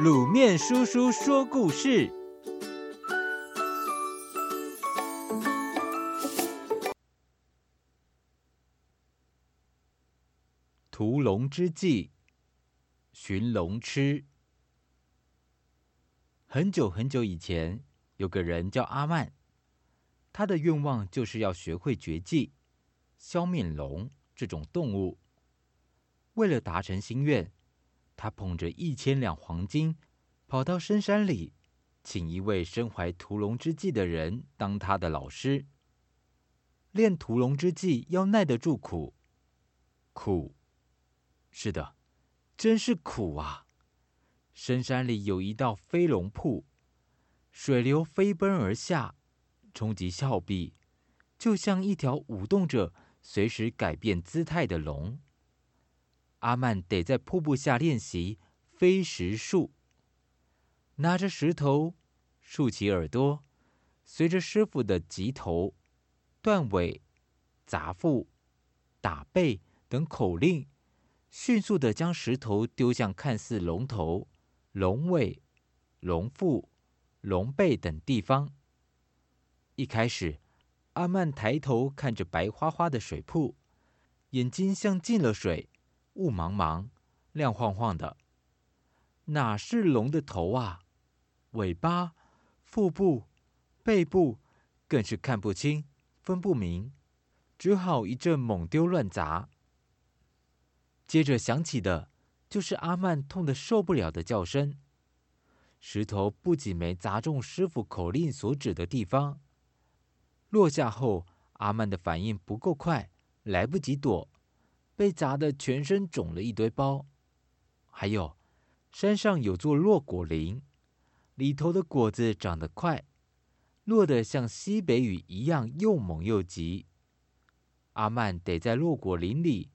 滷麵叔叔說故事：屠龍之技，尋龍癡。很久很久以前，有個人叫阿曼，他的願望就是要學會絕技，消滅龍這種動物。為了達成心願。他捧着一千兩黃金，跑到深山裡，請一位身懷屠龍之技的人當他的老師。練屠龍之技要耐得住苦，苦，是的，真是苦啊！深山裡有一道飛龍瀑，水流飛奔而下，衝擊峭壁，就像一條舞動着、隨時改變姿態的龍。阿曼得在瀑布下練習飛石術。拿着石頭，豎起耳朵，隨着師傅的“擊頭、斷尾、砸腹、打背”等口令，迅速地將石頭丟向看似龍頭、龍尾、龍腹、龍背等地方。一開始，阿曼抬頭看着白花花的水瀑，眼睛像進了水。霧茫茫、亮晃晃的，哪是龍的頭啊？尾巴、腹部、背部更是看不清、分不明，只好一陣猛丟亂砸。接着響起的就是阿曼痛得受不了的叫聲。石頭不僅沒砸中師傅口令所指的地方，落下後阿曼的反應不夠快，來不及躲。被砸得全身腫了一堆包，還有，山上有座落果林，裡頭的果子長得快，落得像西北雨一樣又猛又急。阿曼得在落果林裡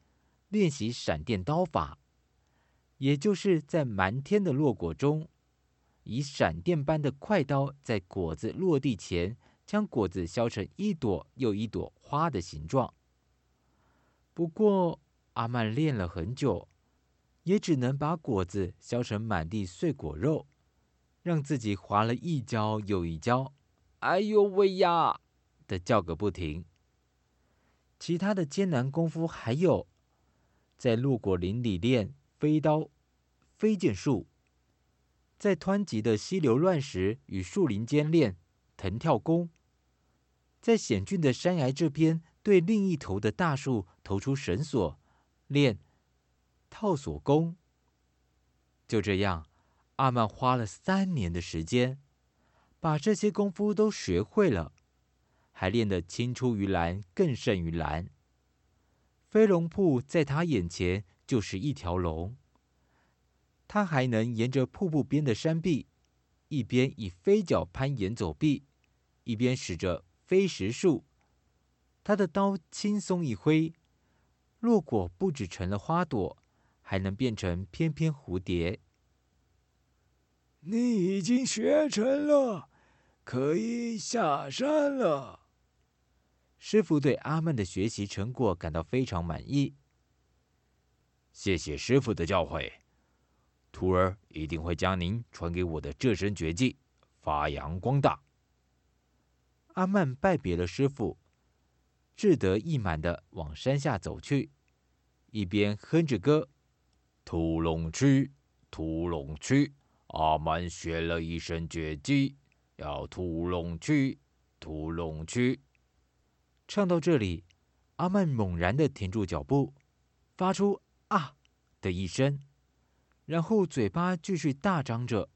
練習閃電刀法，也就是在滿天的落果中，以閃電般的快刀在果子落地前，將果子削成一朵又一朵花的形狀。不過。阿曼練了很久，也只能把果子削成滿地碎果肉，讓自己滑了一跤又一跤，“哎呦喂呀”的叫個不停。其他的艱難功夫還有，在鹿果林裡練飛刀、飛劍術；在湍急的溪流亂石與樹林間練騰跳功；在險峻的山崖這邊對另一頭的大樹投出繩索。練套索功。就這樣，阿曼花了三年的時間，把這些功夫都學會了，還練得青出於藍，更勝於藍。飛龍瀑在他眼前就是一條龍。他還能沿着瀑布邊的山壁，一邊以飛腳攀岩走壁，一邊使着飛石術。他的刀輕鬆一揮。落果不止成了花朵，還能變成翩翩蝴蝶。你已經學成了，可以下山了。師傅對阿曼的學習成果感到非常滿意。謝謝師傅的教誨，徒兒一定會將您傳給我的這身絕技發揚光大。阿曼拜別了師傅。志得意滿地往山下走去，一邊哼着歌：“屠龍去，屠龍去，阿曼學了一身絕技，要屠龍去，屠龍去。”唱到這裡，阿曼猛然地停住腳步，發出“啊”的一聲，然後嘴巴繼續大張着。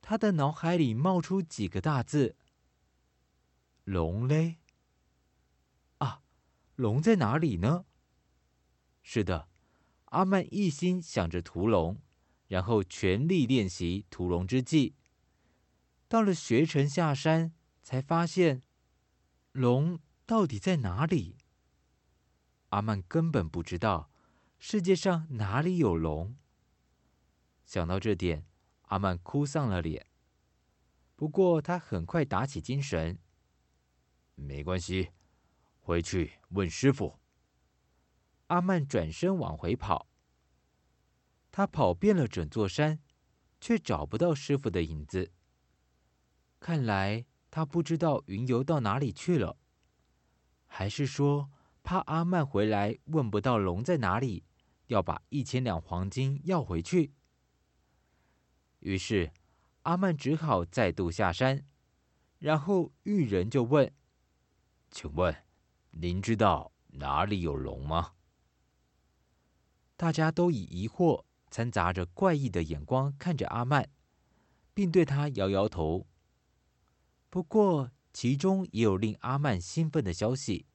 他的腦海裡冒出幾個大字：“龍嘞。”龍在哪裡呢？是的，阿曼一心想着屠龍，然後全力練習屠龍之技。到了學成下山，才發現龍到底在哪裡。阿曼根本不知道世界上哪裡有龍。想到這點，阿曼哭喪了臉。不過他很快打起精神，沒關係。回去問師傅。阿曼轉身往回跑。他跑遍了整座山，卻找不到師傅的影子。看來他不知道雲遊到哪裡去了，還是說怕阿曼回來問不到龍在哪裡，要把一千兩黃金要回去？於是阿曼只好再度下山。然後遇人就問：“請問？”您知道哪裡有龍嗎？大家都以疑惑摻雜着怪異的眼光看着阿曼，並對他搖搖頭。不過，其中也有令阿曼興奮的消息。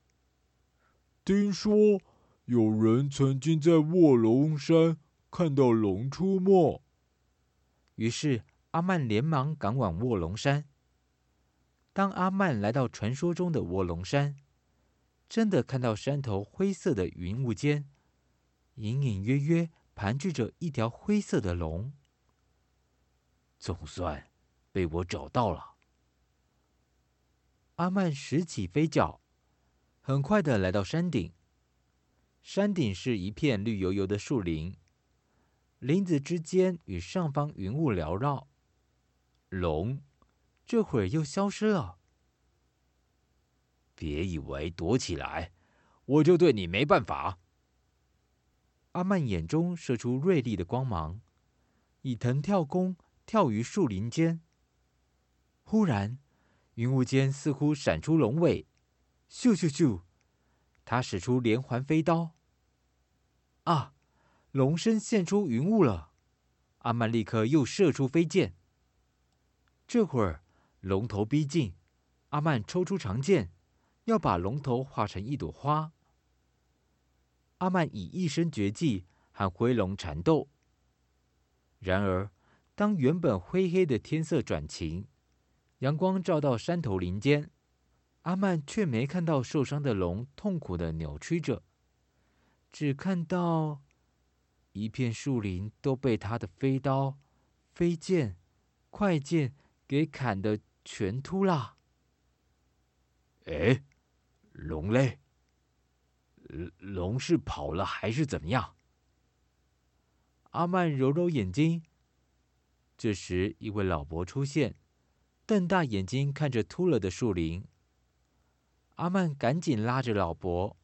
聽說有人曾經在臥龍山看到龍出沒，於是阿曼連忙趕往臥龍山。當阿曼來到傳說中的臥龍山，真的看到山頭灰色的雲霧間，隱隱約約盤踞着一條灰色的龍。總算被我找到了。阿曼拾起飛腳，很快的來到山頂。山頂是一片綠油油的樹林，林子之間與上方雲霧繚繞。龍這會兒又消失了。別以為躲起來，我就對你沒辦法。阿曼眼中射出銳利的光芒，以騰跳弓跳於樹林間。忽然，雲霧間似乎閃出龍尾，咻咻咻！他使出連環飛刀。啊！龍身現出雲霧了，阿曼立刻又射出飛劍。這會兒，龍頭逼近，阿曼抽出長劍。要把龍頭化成一朵花。阿曼以一身絕技和灰龍纏鬥。然而，當原本灰黑的天色轉晴，陽光照到山頭林間，阿曼卻沒看到受傷的龍痛苦的扭曲着，只看到一片樹林都被他的飛刀、飛劍、快劍給砍得全禿了。哎。龍嘞？龍是跑了還是怎麼樣？阿曼揉揉眼睛。這時，一位老伯出現，瞪大眼睛看着禿了的樹林。阿曼趕緊拉着老伯：“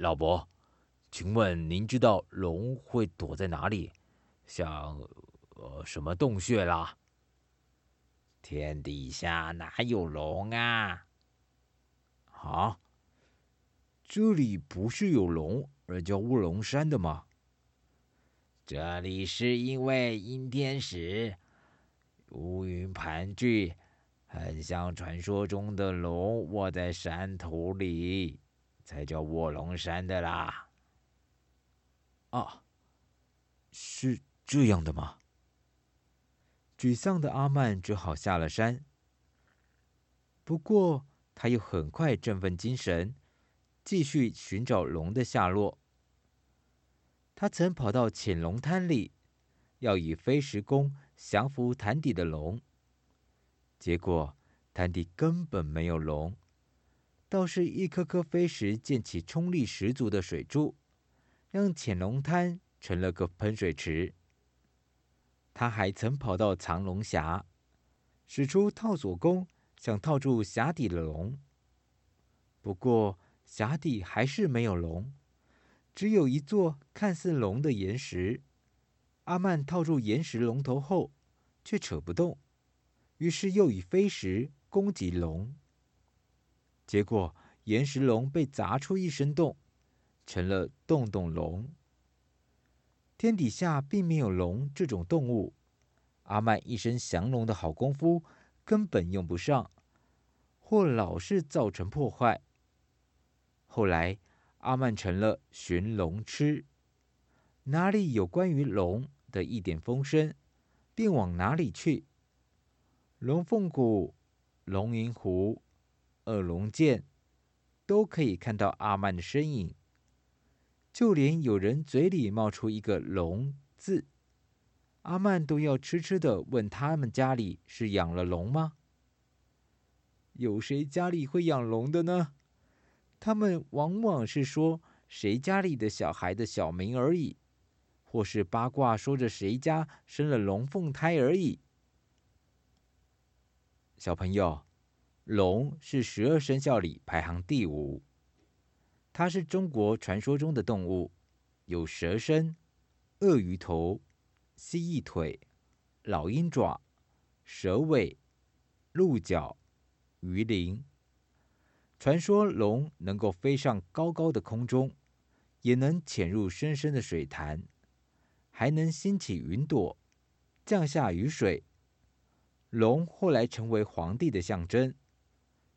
老伯，請問您知道龍會躲在哪裡？像，呃，什麼洞穴啦？天底下哪有龍啊？”好、啊。這裡不是有龍而叫臥龍山的嗎？這裡是因為陰天時烏雲盤踞，很像傳說中的龍臥在山頭裡，才叫臥龍山的啦。啊，是這樣的嗎？沮喪的阿曼只好下了山。不過。他又很快振奮精神，繼續尋找龍的下落。他曾跑到潛龍灘裡，要以飛石功降服潭底的龍，結果潭底根本沒有龍，倒是一顆顆飛石濺起衝力十足的水柱，讓潛龍灘成了個噴水池。他還曾跑到藏龍峽，使出套索功。想套住峽底的龍，不過峽底還是沒有龍，只有一座看似龍的岩石。阿曼套住岩石龍頭後，卻扯不動，於是又以飛石攻擊龍，結果岩石龍被砸出一身洞，成了洞洞龍。天底下並沒有龍這種動物，阿曼一身降龍的好功夫。根本用不上，或老是造成破壞。後來，阿曼成了尋龍痴，哪裡有關於龍的一點風聲，便往哪裡去。龍鳳谷、龍吟湖、二龍澗，都可以看到阿曼的身影。就連有人嘴裡冒出一個“龍”字。阿曼都要癡癡的問他們家裡是養了龍嗎？有誰家裡會養龍的呢？他們往往是說誰家裡的小孩的小名而已，或是八卦說着誰家生了龍鳳胎而已。小朋友，龍是十二生肖裡排行第五，它是中國傳說中的動物，有蛇身、鱷魚頭。蜥蜴腿、老鷹爪、蛇尾、鹿角、魚鱗。傳說龍能夠飛上高高的空中，也能潛入深深的水潭，還能掀起雲朵，降下雨水。龍後來成為皇帝的象徵，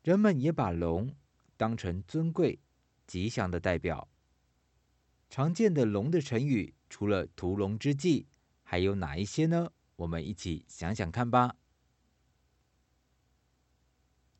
人們也把龍當成尊貴、吉祥的代表。常見的龍的成語，除了“屠龍之技”。還有哪一些呢？我們一起想想看吧。